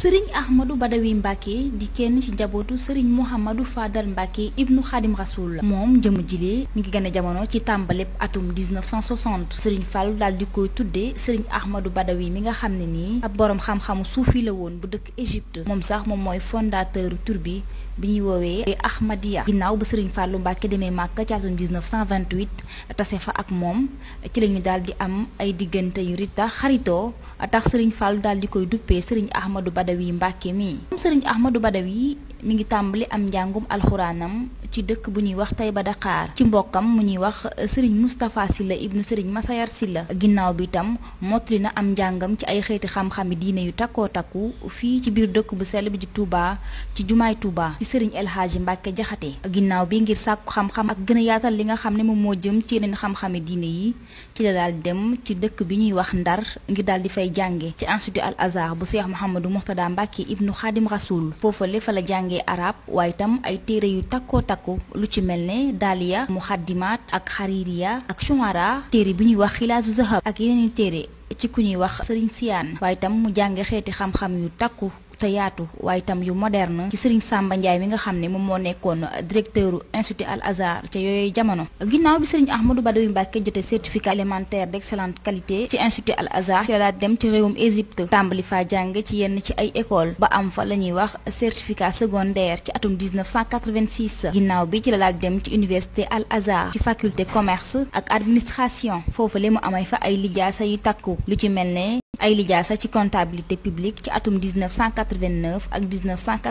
sëriñ ahmadu badawi mbàkke di kenn ci njabootu sëriñ mouhamadou fadal mbàkke ibnu xaadim rasul moom jëmu jilee mi ngi gën a jamono ci tàmbaleb atum 1960 sëriñ fàllu daal di koy tudde sëriñ ahmadu badawi mi nga xam ne nii ab boroom xam-xamu suufi la woon bu dëkk égypte moom sax moom mooy fondateur tur bi ñuy woowee ahmadiya ginnaaw ba sëriñ fàllu mbàkke demee màkka ci atum 1928 tase fa ak moom ci la ñu daal di am ay diggante yu rita xaritoo tax sëriñ fàllu daal di koy duppee sëriñ ahmadu badawi Badawi Mbàkke mi moom sëriñ Badawi mi ngi tàmbali am njàngum alxuraanam ci dëkk bu ñuy wax Taïba Dakar ci mbokkam mu ñuy wax euh, sëriñ Moustapha Sylla ibnu sëriñ Masayar Sylla ginnaaw bi itam mottali na am njàngam ci ay xeeti xam-xami diine yu takkoo takku fii ci biir dëkk bu sell bi di Touba ci jumaay Touba ci sëriñ El Hadji Mbacke Jaxate ginnaaw bi ngir sàkku xam-xam ak gën a yaatal li nga xam ne moom moo jëm ci yeneen xam-xami diine yi ci la daal dem ci dëkk bi ñuy wax Ndar ngir daal di fay jànge ci institut Al Azhar bu Cheikh Mouhamadou Mourtada Mbacke ibnu Khadim Rasoul foofale fa la jàngee arab waaye ay téere yu takkoo takku ko lu ci mel ne daaliya muxaddimaat ak xaririya ak shuara téere bi ñuy wax xilaasu zahab ak yeneen téere ci ku ñuy wax sëriñ siyaan waaye itam mu jàng xeeti xam-xam yu takku te yaatu tam yu moderne ci Serigne Samba Ndiaye mi nga xam ne mo nekkone directeur institut Al Azhar ci yooyu jamono ginnaw bi Serigne Ahmadou Badawi mbake jotté certificat élémentaire d'excellente qualité ci institut Al Azhar ci la dem ci réewum Égypte tàmbali fa jang ci yenn ci ay école ba am fa lañuy wax certificat secondaire ci atum 1986 ginnaw bi ci la dem ci université Al Azhar ci faculté commerce ak administration fofu le mu amay fa ay lijaasa yu takku lu ci mel ay lijaasa ci comptabilité publique ci atum 1989 ak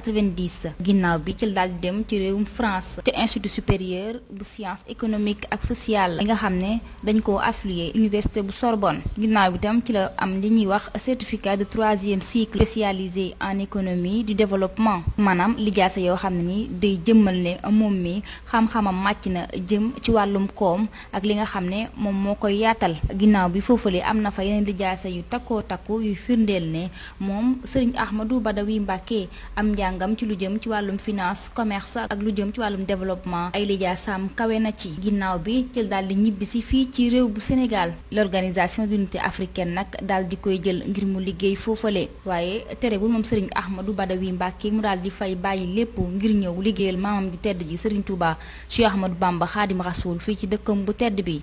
1990 ginnaw bi ci dal di dem ci réewum France ci institut supérieur bu sciences économiques ak sociales. li nga xamné dañ ko affilié université bu Sorbonne ginnaw bi tam ci la am li wax certificat de troisième cycle spécialisé en économie du développement manam lijaasa yoo yo xamné ni day jëmmal né mom mi xam xama màcc na jëm ci walum koom ak li nga xamné mom moom koy yaatal ginnaw bi foofule am na fa yeneen lijaasa yu takkoo takkoo takku yu firndeel ne moom sëriñ Ahmadou Badawi Mbacke am njàngam ci lu jëm ci wàllum finance commerce ak lu jëm ci wàllum développement ay lijaasaam kawe na ci ginnaaw bi jël daal di ñibbisi fii ci réew bu Sénégal l'organisation d'unité africaine nag daal di koy jël ngir mu liggéey foofale waaye tere terewul moom sëriñ Ahmadou Badawi Mbacke mu daal di fay bàyyi lépp ngir ñëw liggéeyal maamam ju tedd ji sëriñ Touba Cheikh Ahmadou Bamba Xaadim Rasoul fii ci dëkkam bu tedd bi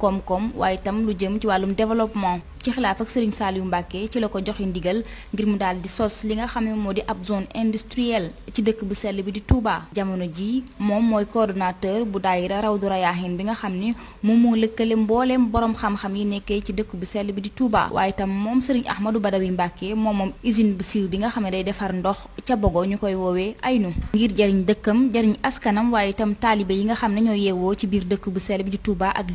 koom-koom waaye itam lu jëm ci wàllum développement ci xilaaf ak Serigne Saliou Mbacke ci la ko joxe ndigal ngir mu daal di sos li nga xam ne moo di ab zone industrielle ci dëkk bu sell bi di Touba. jamono jii moom mooy coordonnateur bu daayira Rawdu Rayaahin bi nga xam ne moom moo lëkkale mbooleem boroom xam-xam yi nekkee ci dëkk bu sell bi di Touba. waaye tam moom Serigne Ahmadou Badawi Mbacke moom moom usine bu siiw bi nga xam ne day defar ndox ca Bogo ñu koy woowee ay nu ngir jariñ dëkkam jariñ askanam waaye itam taalibe yi nga xam ne ñoo yeewoo ci biir dëkk bu sell bi di Touba ak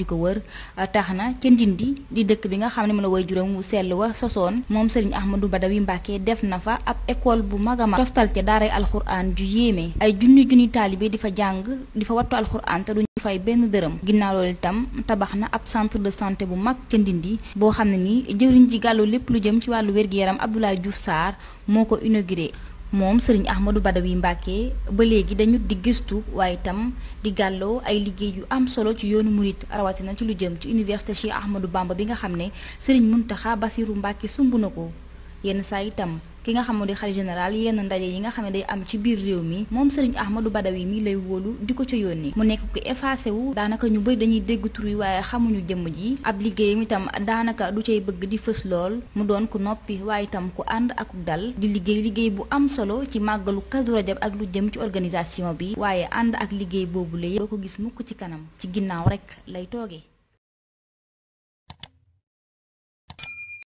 waajuram wu sell wa sosoon moom sëriñ Ahmadou Badawi Mbàkke def na fa ab école bu mag a mag toftal ca daaray alxuraan ju yéeme ay junni junni taalibe di fa jàng di fa wattu alxuraan te duñu fay benn dërëm ginnaaw loolu itam tabax na ab centre de santé bu mag ca Ndindi boo xam ne ni jëwriñ ji gàllu lépp lu jëm ci wàllu wér-gi-yaram Abdoulaye Diouf Sarr moo ko inauguré moom sëriñ Ahmadou Badawi Mbacke ba léegi dañu di gëstu waaye itam di gàlloo ay liggéey yu am solo ci yoonu murit rawatina ci lu jëm ci université Cheikh Ahmadou Bamba bi nga xam ne sëriñ Mountakha basiiru Mbacke sumb na ko. yenn saa itam ki nga xam ne di xalifa général yenn ndaje yi nga xam ne day am ci biir réew mi moom Serigne Ahmadou Badawi mi lay wóolu di ko ca yónni mu nekk ku effacé wu daanaka ñu bëri dañuy dégg tur waaye xamuñu jëmm ji ab liggéeyam itam daanaka du cay bëgg di fës lool mu doon ku noppi waaye itam ku ànd ak dal di liggéey liggéey bu am solo ci màggalu Kazu Rajab ak lu jëm ci organisation bi waaye ànd ak liggéey boobu la doo ko gis mukk ci kanam ci ginnaaw rekk lay toogee